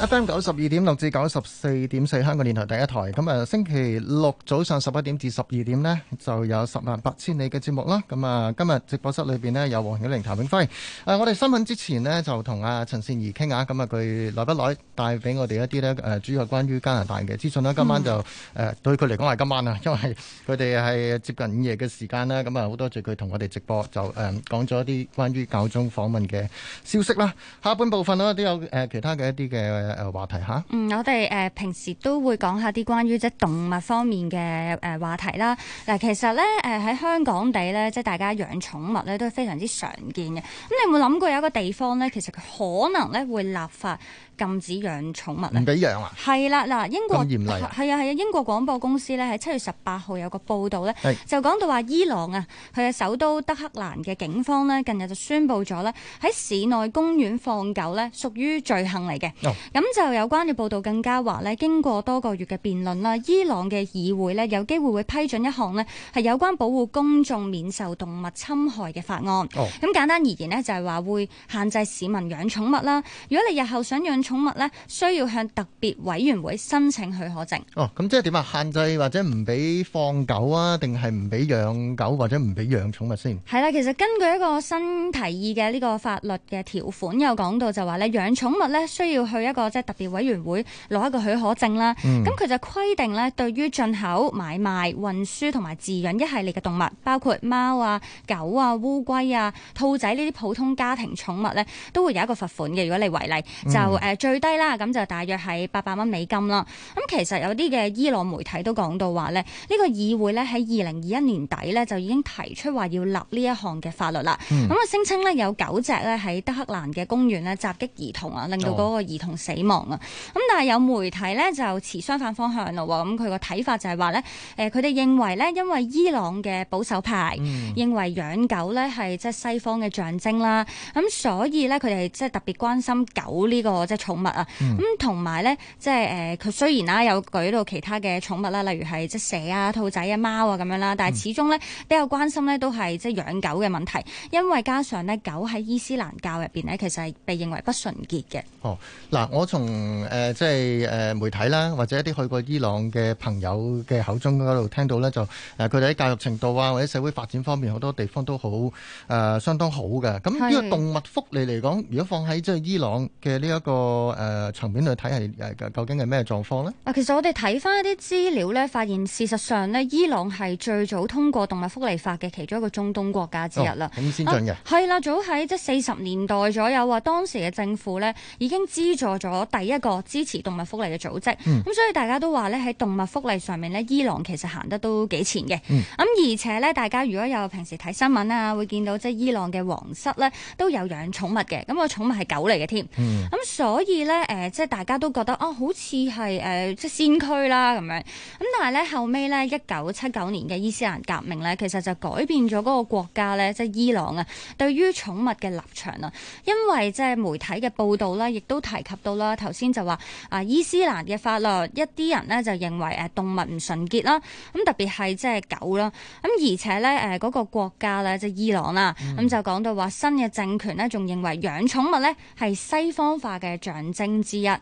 FM 九十二點六至九十四點四，香港電台第一台。咁啊，星期六早上十一點至十二點呢，就有十萬八千里嘅節目啦。咁啊，今日直播室裏邊呢，有黃曉玲、譚永輝。誒，我哋新聞之前呢，就同阿陳善儀傾下。咁啊，佢來不來帶俾我哋一啲呢，誒，主要關於加拿大嘅資訊啦。今晚就誒、嗯呃，對佢嚟講係今晚啊，因為佢哋係接近午夜嘅時間啦。咁啊，好多謝佢同我哋直播，就誒講咗一啲關於教宗訪問嘅消息啦。下半部分呢，都有誒其他嘅一啲嘅。誒話題嚇，嗯，我哋誒、呃、平時都會講一下啲關於即係動物方面嘅誒話題啦。嗱，其實咧誒喺香港地咧，即係大家養寵物咧都係非常之常見嘅。咁你有冇諗過有一個地方咧，其實佢可能咧會立法禁止養寵物咧？唔俾養啦？係啦，嗱，英國好嚴厲啊！係啊，係啊，英國廣播公司咧喺七月十八號有個報道咧，是就講到話伊朗啊，佢嘅首都德黑蘭嘅警方咧近日就宣布咗咧喺市內公園放狗咧屬於罪行嚟嘅。Oh. 咁就有關嘅報道更加話咧，經過多個月嘅辯論啦，伊朗嘅議會呢，有機會會批准一項呢，係有關保護公眾免受動物侵害嘅法案。哦，咁簡單而言呢，就係話會限制市民養寵物啦。如果你日後想養寵物呢，需要向特別委員會申請許可證。哦，咁即係點啊？限制或者唔俾放狗啊？定係唔俾養狗或者唔俾養寵物先？係啦，其實根據一個新提議嘅呢個法律嘅條款，有講到就話咧，養寵物呢，需要去一個。即係特別委員會攞一個許可證啦，咁佢、嗯、就規定呢，對於進口、買賣、運輸同埋飼養一系列嘅動物，包括貓啊、狗啊、烏龜啊、兔仔呢啲普通家庭寵物呢，都會有一個罰款嘅。如果你違例，嗯、就誒、呃、最低啦，咁就大約係八百蚊美金啦。咁其實有啲嘅伊朗媒體都講到話呢，呢、呢個議會呢喺二零二一年底呢，就已經提出話要立呢一項嘅法律啦。咁啊，聲稱呢，有九隻呢喺德黑蘭嘅公園呢襲擊兒童啊，令到嗰個兒童死。死亡啊！咁但係有媒體咧就持相反方向咯。咁佢個睇法就係話咧，誒，佢哋認為咧，因為伊朗嘅保守派、嗯、認為養狗咧係即係西方嘅象徵啦，咁所以咧佢哋即係特別關心狗個寵、嗯、呢個即係寵物啊。咁同埋咧，即係誒，佢雖然啦有舉到其他嘅寵物啦，例如係即蛇啊、兔仔啊、貓啊咁樣啦，但係始終咧比較關心咧都係即係養狗嘅問題，因為加上咧狗喺伊斯蘭教入邊咧，其實係被認為不純潔嘅。哦，嗱我。從誒、呃、即係誒、呃、媒體啦，或者一啲去過伊朗嘅朋友嘅口中嗰度聽到咧，就誒佢哋喺教育程度啊，或者社會發展方面好多地方都好誒、呃、相當好嘅。咁呢個動物福利嚟講，如果放喺即係伊朗嘅呢一個誒、呃、層面度睇係究竟係咩狀況呢？啊，其實我哋睇翻一啲資料咧，發現事實上呢，伊朗係最早通過動物福利法嘅其中一個中東國家之一啦。咁先、哦、進嘅係啦，早喺即係四十年代左右啊，當時嘅政府咧已經資助咗。我第一個支持動物福利嘅組織，咁、嗯、所以大家都話咧喺動物福利上面咧，伊朗其實行得都幾前嘅。咁、嗯、而且咧，大家如果有平時睇新聞啊，會見到即係伊朗嘅皇室咧都有養寵物嘅，咁個寵物係狗嚟嘅添。咁、嗯、所以咧，誒即係大家都覺得啊，好似係誒即係先驅啦咁樣。咁但係咧後尾咧，一九七九年嘅伊斯蘭革命咧，其實就改變咗嗰個國家咧，即係伊朗啊，對於寵物嘅立場啊，因為即係媒體嘅報道咧，亦都提及到。啦，頭先就話啊伊斯蘭嘅法律，一啲人呢就認為誒動物唔純潔啦，咁特別係即係狗啦，咁而且呢，誒嗰個國家咧即係伊朗啦，咁、嗯、就講到話新嘅政權呢，仲認為養寵物呢係西方化嘅象徵之一，咁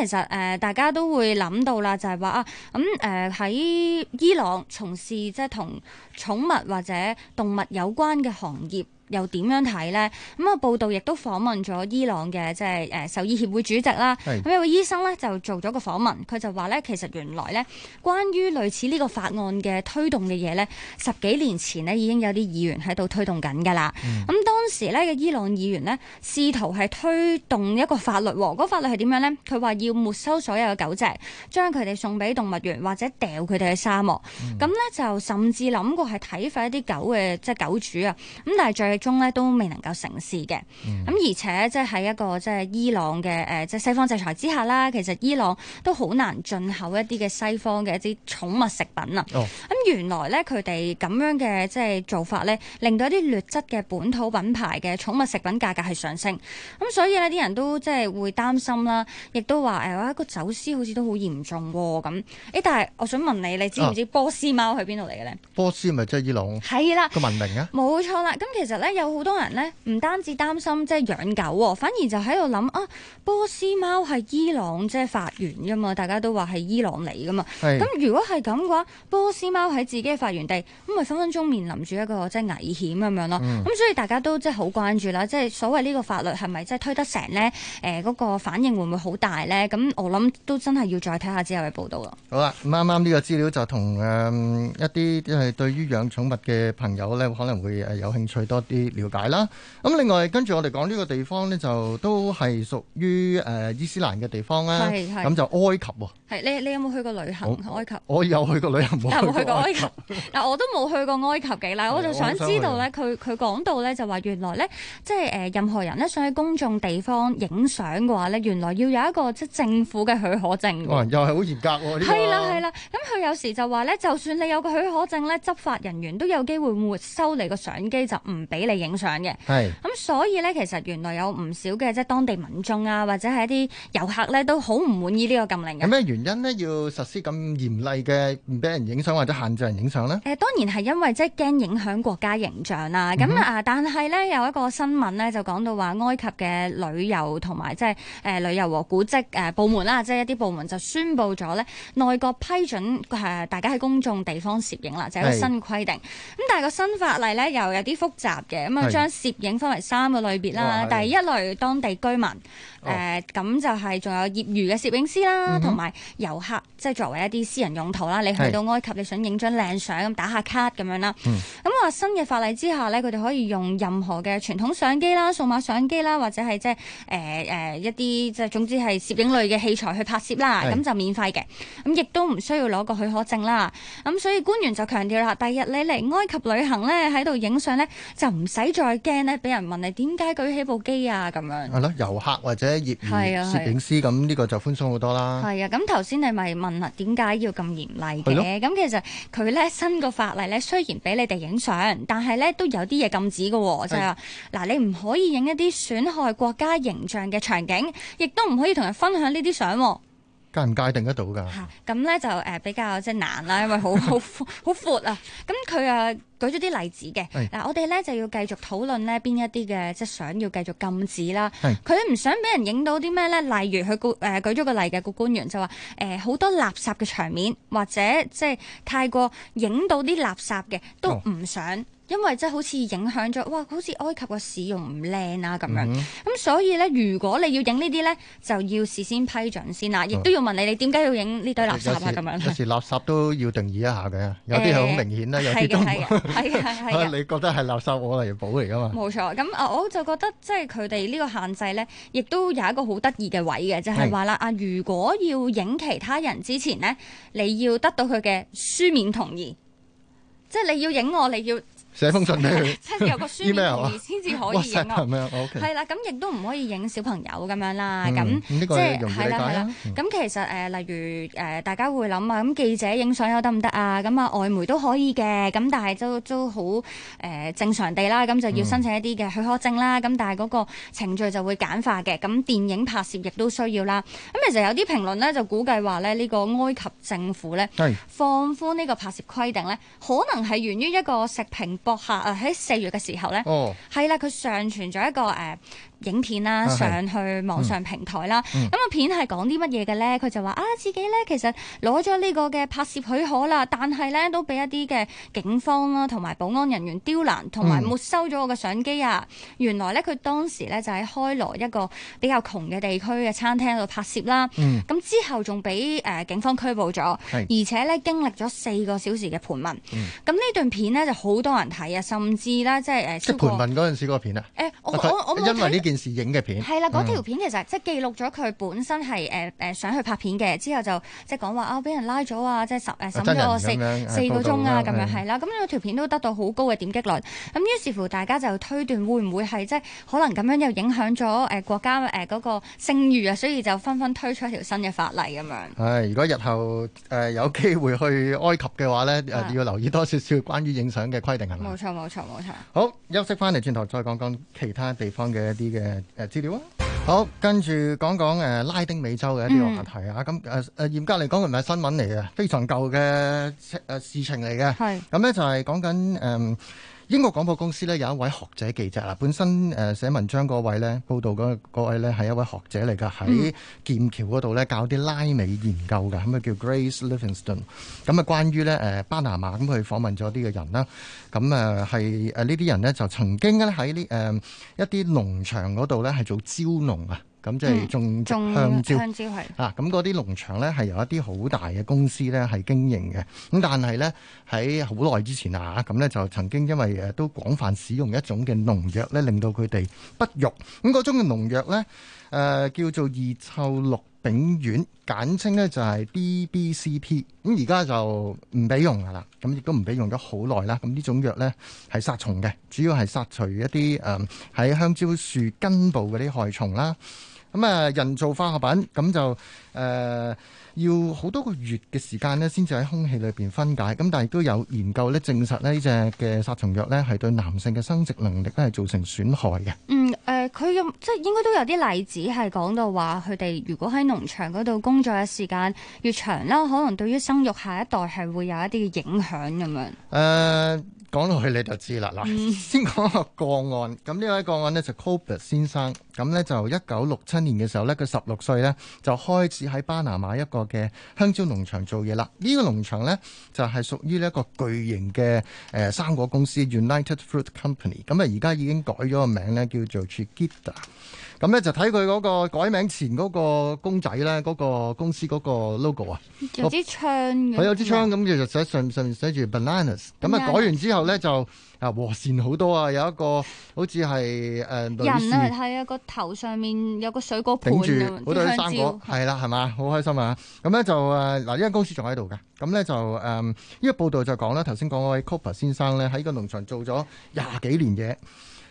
其實誒大家都會諗到啦，就係話啊咁誒喺伊朗從事即係同寵物或者動物有關嘅行業。又點樣睇呢？咁、嗯、啊，報道亦都訪問咗伊朗嘅即係誒獸醫協會主席啦。咁有個醫生咧就做咗個訪問，佢就話咧其實原來咧，關於類似呢個法案嘅推動嘅嘢呢十幾年前咧已經有啲議員喺度推動緊㗎啦。咁、嗯嗯、當時呢，嘅伊朗議員呢試圖係推動一個法律，嗰、哦、個法律係點樣呢？佢話要沒收所有嘅狗隻，將佢哋送俾動物園或者掉佢哋去沙漠。咁呢、嗯，就、嗯、甚至諗過係體罰一啲狗嘅即係狗主啊。咁但係最。中咧都未能夠成事嘅，咁而且即係喺一個即係伊朗嘅誒，即係西方制裁之下啦，其實伊朗都好難進口一啲嘅西方嘅一啲寵物食品啊。咁原來咧佢哋咁樣嘅即係做法咧，令到一啲劣質嘅本土品牌嘅寵物食品價格係上升。咁所以咧啲人都即係會擔心啦，亦都話誒，有一個走私好似都好嚴重咁。誒，但係我想問你，你知唔知波斯貓喺邊度嚟嘅咧？波斯咪即係伊朗？係啦。個文明啊？冇錯啦。咁其實咧。有好多人咧，唔單止擔心即係養狗喎，哦，反而就喺度諗啊，波斯貓係伊朗即係發源噶嘛，大家都話係伊朗嚟噶嘛。咁是如果係咁嘅話，波斯貓喺自己嘅發源地，咁咪分分鐘面臨住一個即係危險咁樣咯。咁，嗯嗯，所以大家都即係好關注啦，即係所謂呢個法律係咪即係推得成咧？誒、呃、嗰、那個反應會唔會好大咧？咁我諗都真係要再睇下之後嘅報道咯。好啦，啱啱呢個資料就同誒、嗯、一啲即係對於養寵物嘅朋友咧，可能會誒有興趣多啲。了解啦。咁另外，跟住我哋講呢個地方呢，就都係屬於誒伊斯蘭嘅地方咧。係係。咁就埃及喎。係，你你有冇去過旅行埃及？我有去過旅行。有冇去過埃及？嗱，我都冇去過埃及嘅。嗱，我就想知道呢，佢佢講到呢，就話原來呢，即係誒，任何人呢，想喺公眾地方影相嘅話咧，原來要有一個即係政府嘅許可證。又係好嚴格喎。係啦係啦。咁佢有時就話呢，就算你有個許可證呢，執法人員都有機會沒收你個相機，就唔俾嚟影相嘅，咁是、嗯、所以咧，其實原來有唔少嘅即係當地民眾啊，或者係一啲遊客咧，都好唔滿意呢個禁令。有咩原因呢？要實施咁嚴厲嘅唔俾人影相或者限制人影相咧？誒、呃，當然係因為即係驚影響國家形象啦、啊。咁、嗯、啊，但係咧有一個新聞咧就講到話，埃及嘅旅遊同埋即係誒旅遊和古蹟誒部門啦、啊，即係一啲部門就宣布咗咧，內閣批准、呃、大家喺公眾地方攝影啦，就係、是、一個新規定。咁是是但係個新法例咧又有啲複雜嘅。咁啊，將、嗯、攝影分為三個類別啦。哇第一類，當地居民，誒咁、哦呃、就係仲有業餘嘅攝影師啦，同埋、嗯、哼遊客，即係作為一啲私人用途啦。你去到埃及，你想影張靚相咁打下卡咁樣啦。咁話、嗯嗯嗯嗯嗯、新嘅法例之下呢，佢哋可以用任何嘅傳統相機啦、數碼相機啦，或者係即係誒誒一啲即係總之係攝影類嘅器材去拍攝啦，咁、嗯、就免費嘅。咁、嗯、亦都唔需要攞個許可證啦。咁、嗯、所以官員就強調啦，第日你嚟埃及旅行咧，喺度影相咧就。唔使再驚咧，俾人問你點解舉起部機啊？咁樣係咯，遊客或者業業攝影師咁呢個就寬鬆好多啦。係啊，咁頭先你咪問啊，點解要咁嚴厲嘅？咁的其實佢咧新個法例咧，雖然俾你哋影相，但係咧都有啲嘢禁止嘅，就係話，嗱的，你唔可以影一啲損害國家形象嘅場景，亦都唔可以同人分享呢啲相。界唔界定得到噶？咁咧、嗯、就誒比較即係難啦，因為好好好闊啊。咁佢啊舉咗啲例子嘅。嗱， 我哋咧就要繼續討論咧邊一啲嘅即係想要繼續禁止啦。佢唔 想俾人影到啲咩咧？例如佢誒舉咗、呃、個例嘅，個官員就話誒好多垃圾嘅場面，或者即係太過影到啲垃圾嘅都唔想。因為即係好似影響咗，哇！好似埃及個市容唔靚啊咁樣。咁、mm hmm. 所以咧，如果你要影呢啲咧，就要事先批准先啦，亦都、嗯、要問你你點解要影呢堆垃圾啊咁時樣。有時垃圾都要定義一下嘅，有啲係好明顯啦，欸、有啲都係。係嘅不，係啊，係啊， 你覺得係垃圾我嚟要補嚟㗎嘛？冇錯。咁啊，我就覺得即係佢哋呢個限制咧，亦都有一個好得意嘅位嘅，就係話啦，啊、嗯，如果要影其他人之前咧，你要得到佢嘅書面同意，即係你要影我，你要。寫封信俾佢， 即係有個書面先至可以影咯。係啦，咁亦都唔可以影小朋友咁樣啦。咁即係係啦係啦。咁其實誒、呃，例如誒、呃，大家會諗啊，咁記者影相又得唔得啊？咁、嗯、啊，外媒、嗯、都可以嘅。咁但係都都好誒正常地啦。咁就要申請一啲嘅許可證啦。咁、嗯、但係嗰個程序就會簡化嘅。咁電影拍攝亦都需要啦。咁其實有啲評論咧，就估計話咧，呢個埃及政府咧，放寬呢個拍攝規定咧，可能係源於一個食評。博客啊，喺四月嘅時候咧，係啦、oh.，佢上傳咗一個誒。Uh, 影片啦，啊、上去網上平台啦。咁個、嗯、片係講啲乜嘢嘅咧？佢就話啊，自己咧其實攞咗呢個嘅拍攝許可啦，但係咧都俾一啲嘅警方啦同埋保安人員刁難，同埋沒收咗我嘅相機啊。嗯、原來咧佢當時咧就喺開羅一個比較窮嘅地區嘅餐廳度拍攝啦。咁、嗯、之後仲俾誒警方拘捕咗，嗯、而且咧經歷咗四個小時嘅盤問。咁呢、嗯、段片咧就好多人睇啊，甚至啦，即係誒。即係盤問嗰陣時個片啊？誒、 欸，我。我我因為呢件事影嘅片，係啦、嗯，嗰條片其實即係記錄咗佢本身係誒誒想去拍片嘅，之後就即係講話啊，俾人拉咗、呃、啊，即係審誒審咗四四個鐘啊，咁樣係啦，咁呢條片都得到好高嘅點擊率。咁、嗯、於是乎大家就推斷會唔會係即係可能咁樣又影響咗誒、呃、國家誒嗰、呃那個聲譽啊，所以就紛紛推出一條新嘅法例咁樣。係、哎，如果日後誒、呃、有機會去埃及嘅話咧，呃嗯、要留意多少少關於影相嘅規定係冇錯，冇錯，冇好錯。好，休息翻嚟，轉頭再講,講講其他地方。嘅一啲嘅誒資料啊，好，跟住講講誒拉丁美洲嘅一啲話題，嗯、啊，咁誒誒嚴格嚟講，佢唔係新聞嚟嘅，非常舊嘅誒事情嚟嘅，係是，咁咧、嗯、就係講緊誒。嗯英國廣播公司咧有一位學者記者嗱，本身誒寫文章嗰位咧，報道嗰位咧係一位學者嚟㗎，喺劍橋嗰度咧教啲拉美研究㗎，咁啊叫 Grace Livingstone。咁啊，關於咧誒巴拿馬咁，佢訪問咗啲嘅人啦，咁啊係誒呢啲人咧就曾經咧喺呢誒一啲農場嗰度咧係做蕉農啊。咁即係種香蕉，嗯、種香蕉係啊！咁啲農場咧係由一啲好大嘅公司咧係經營嘅，咁但係咧喺好耐之前啊，咁咧就曾經因為誒都廣泛使用一種嘅農藥咧，令到佢哋不育。咁種嘅農藥咧，誒、呃、叫做二溴氯丙烷，簡稱呢就係 B B C P，咁而家就唔俾用噶啦，咁亦都唔俾用咗好耐啦。咁呢種藥呢係殺蟲嘅，主要係殺除一啲誒喺香蕉樹根部嗰啲害蟲啦。咁啊人造化學品，咁就誒、呃、要好多個月嘅時間呢，先至喺空氣裏邊分解。咁但係都有研究呢，證實呢呢隻嘅殺蟲藥呢係對男性嘅生殖能力呢係造成損害嘅。嗯。誒佢有，即係應該都有啲例子係講到話佢哋如果喺農場嗰度工作嘅時間越長啦，可能對於生育下一代係會有一啲嘅影響咁樣。誒、呃。講落去你就知啦，嗱，先講個個案。咁呢個個案呢，就 Colbert 先生，咁呢，就一九六七年嘅時候呢，佢十六歲呢，就開始喺巴拿馬一個嘅香蕉農場做嘢啦。呢、呢個農場呢，就係屬於呢一個巨型嘅誒生果公司 （United Fruit Company）。咁啊而家已經改咗個名呢，叫做 Chiquita。咁呢，就睇佢嗰個改名前嗰個公仔呢，嗰、嗰個公司嗰個 logo 啊，有支槍。佢有支槍，咁就寫上上面寫住 bananas。咁啊改完之後。後咧就啊和善好多啊，有一個好似係誒女士，人係睇啊，一個頭上面有個水果盤頂住好多啲生果，係啦係嘛，好開心啊！咁咧就誒嗱，呢、呃、間公司仲喺度噶，咁咧就誒呢、呃呢個報道就講啦，頭先講嗰位 c o p a 先生咧喺個農場做咗廿幾年嘢。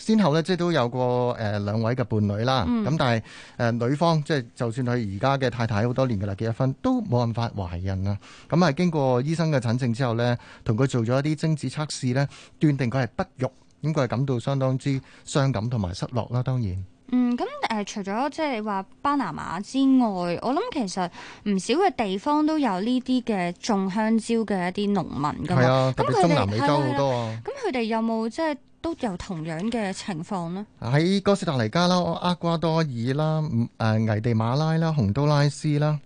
先後咧，即係都有個誒、呃、兩位嘅伴侶啦。咁、嗯、但係誒、呃、女方，即係就算佢而家嘅太太好多年嘅啦，結咗婚都冇辦法懷孕啦。咁係經過醫生嘅診症之後咧，同佢做咗一啲精子測試咧，斷定佢係不育。咁佢係感到相當之傷感同埋失落啦。當然，嗯，咁、嗯、誒、呃，除咗即係話巴拿馬之外，我諗其實唔少嘅地方都有呢啲嘅種香蕉嘅一啲農民㗎嘛。係啊、嗯，特別中南美洲好多啊、喔。咁佢哋有冇即係？都有同樣嘅情況啦，喺哥斯達黎加啦、厄瓜多爾啦、誒危地馬拉啦、洪都拉斯啦。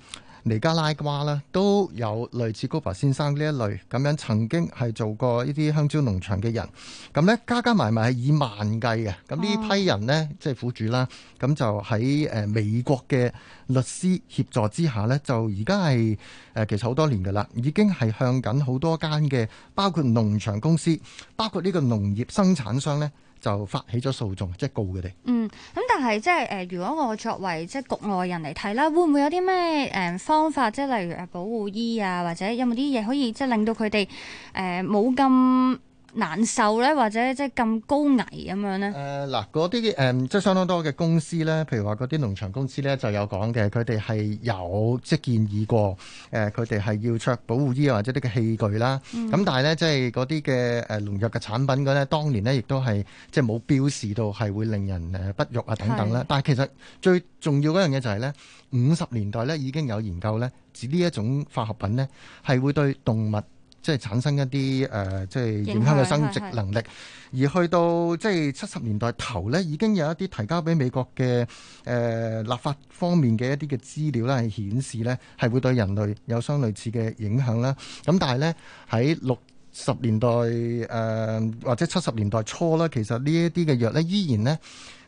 尼加拉瓜啦，都有類似高伯先生呢一類咁樣曾經係做過呢啲香蕉農場嘅人，咁呢，加加埋埋係以萬計嘅，咁呢批人呢，啊、即係苦主啦，咁就喺誒美國嘅律師協助之下呢，就而家係誒其實好多年㗎喇，已經係向緊好多間嘅包括農場公司，包括呢個農業生產商呢。就發起咗訴訟，即係告佢哋。嗯，咁但係即係誒，如果我作為即係局外人嚟睇啦，會唔會有啲咩誒方法，即係例如保護醫啊，或者有冇啲嘢可以即係令到佢哋誒冇咁難受咧，或者即係咁高危咁樣咧？誒嗱、uh，嗰啲誒即係相當多嘅公司咧，譬如話嗰啲農場公司咧，就有講嘅，佢哋係有即係、就是、建議過誒，佢哋係要着保護衣或者啲嘅器具啦。咁、嗯、但係咧，即係嗰啲嘅誒農藥嘅產品嗰咧，當年呢，亦都係即係冇標示到係會令人誒不育啊等等啦。是但係其實最重要嗰樣嘢就係、是、咧，五十年代咧已經有研究咧，指呢一種化學品咧係會對動物。即係產生一啲誒、呃，即係影響嘅生殖能力。 而去到即係七十年代頭咧，已經有一啲提交俾美國嘅誒、呃、立法方面嘅一啲嘅資料咧，係顯示咧係會對人類有相類似嘅影響啦。咁、嗯、但係咧，喺六十年代誒、呃、或者七十年代初啦，其實呢一啲嘅藥咧依然咧。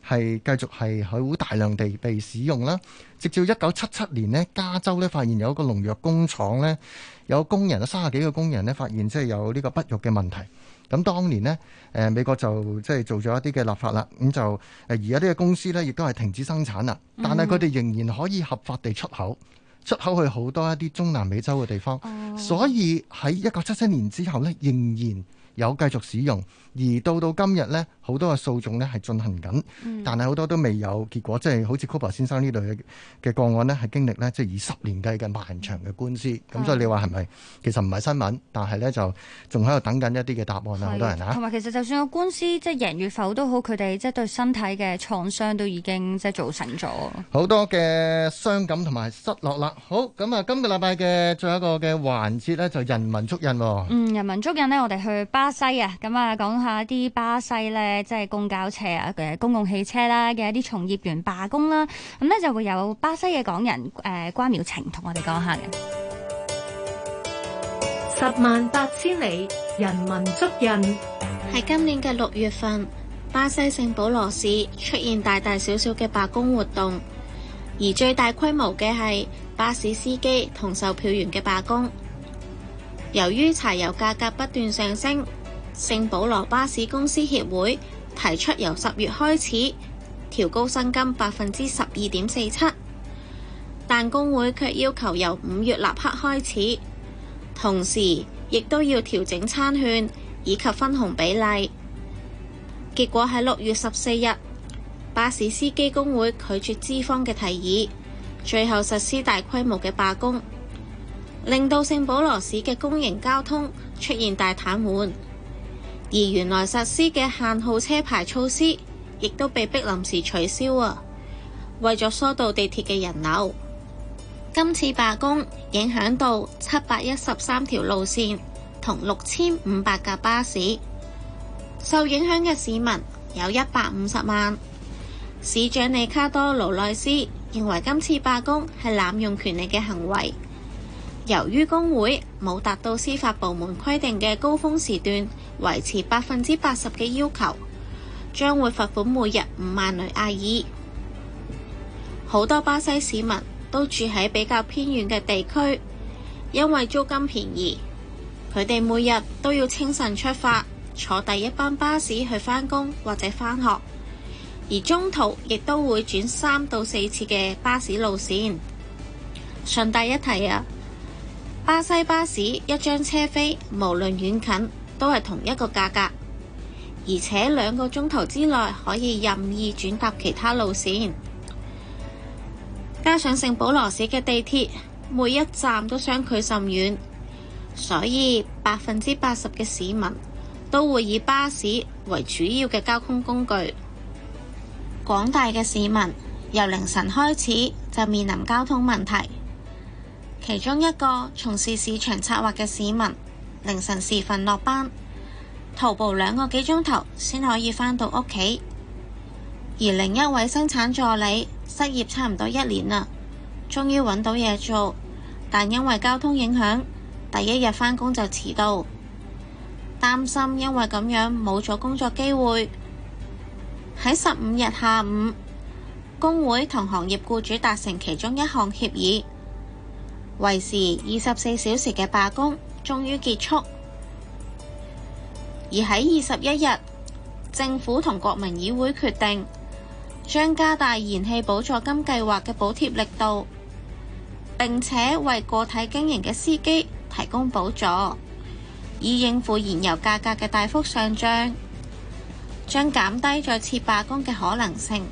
係繼續係好大量地被使用啦。直至一九七七年呢，加州呢發現有一個農藥工廠呢，有工人啊，三十幾個工人呢發現即係有呢個不育嘅問題。咁當年呢，誒、呃、美國就即係做咗一啲嘅立法啦。咁、嗯、就誒而家呢個公司呢亦都係停止生產啦。但係佢哋仍然可以合法地出口，出口去好多一啲中南美洲嘅地方。嗯、所以喺一九七七年之後呢，仍然有繼續使用。而到到今日呢。好多嘅訴訟呢係進行緊，但係好多都未有結果，即係好似 Kopa 先生呢類嘅嘅個案呢，係經歷呢，即係以十年計嘅漫長嘅官司。咁、嗯、所以你話係咪其實唔係新聞，但係呢就仲喺度等緊一啲嘅答案啊！好、嗯、多人啊，同埋其實就算個官司即係贏與否都好，佢哋即係對身體嘅創傷都已經即係造成咗好多嘅傷感同埋失落啦。好咁啊，今個禮拜嘅最後一個嘅環節呢，就是、人民足印咯。嗯，人民足印呢，我哋去巴西啊，咁啊講下啲巴西咧。即係公交車啊，嘅公共汽車啦，嘅一啲從業員罷工啦，咁呢就會有巴西嘅港人誒、呃、關淼晴同我哋講下嘅。十萬八千里，人民足印。喺今年嘅六月份，巴西聖保羅市出現大大小小嘅罷工活動，而最大規模嘅係巴士司機同售票員嘅罷工。由於柴油價格不斷上升。聖保羅巴士公司協會提出由十月開始調高薪金百分之十二點四七，但工會卻要求由五月立刻開始，同時亦都要調整餐券以及分紅比例。結果喺六月十四日，巴士司機工會拒絕資方嘅提議，最後實施大規模嘅罷工，令到聖保羅市嘅公營交通出現大癱瘓。而原來實施嘅限號車牌措施，亦都被迫臨時取消啊！為咗疏導地鐵嘅人流，今次罷工影響到七百一十三條路線同六千五百架巴士，受影響嘅市民有一百五十萬。市長里卡多盧內斯認為今次罷工係濫用權力嘅行為。由於工會冇達到司法部門規定嘅高峰時段維持百分之八十嘅要求，將會罰款每日五萬雷亞爾。好多巴西市民都住喺比較偏遠嘅地區，因為租金便宜，佢哋每日都要清晨出發，坐第一班巴士去返工或者返學，而中途亦都會轉三到四次嘅巴士路線。順帶一提啊！巴西巴士一張車飛無論遠近都係同一個價格，而且兩個鐘頭之內可以任意轉搭其他路線。加上聖保羅市嘅地鐵，每一站都相距甚遠，所以百分之八十嘅市民都會以巴士為主要嘅交通工具。廣大嘅市民由凌晨開始就面臨交通問題。其中一個從事市場策劃嘅市民，凌晨時分落班，徒步兩個幾鐘頭先可以返到屋企。而另一位生產助理失業差唔多一年啦，終於揾到嘢做，但因為交通影響，第一日返工就遲到，擔心因為咁樣冇咗工作機會。喺十五日下午，工會同行業雇主達成其中一項協議。維持二十四小時嘅罷工終於結束，而喺二十一日，政府同國民議會決定將加大燃氣補助金計劃嘅補貼力度，並且為個體經營嘅司機提供補助，以應付燃油價格嘅大幅上漲，將減低再次罷工嘅可能性。